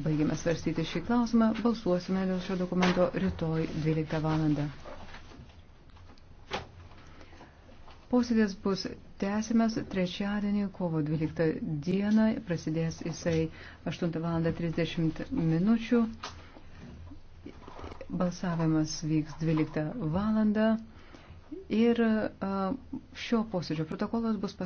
Baigėme svarstyti šį klausimą, balsuosime dėl šio dokumento rytoj 12 valandą. Posėdės bus tęsimas trečiadienį, kovo 12 dieną, prasidės jisai 8 val. 30 minučių. Balsavimas vyks 12 valandą ir šio posėdžio protokolas bus pasirinktas.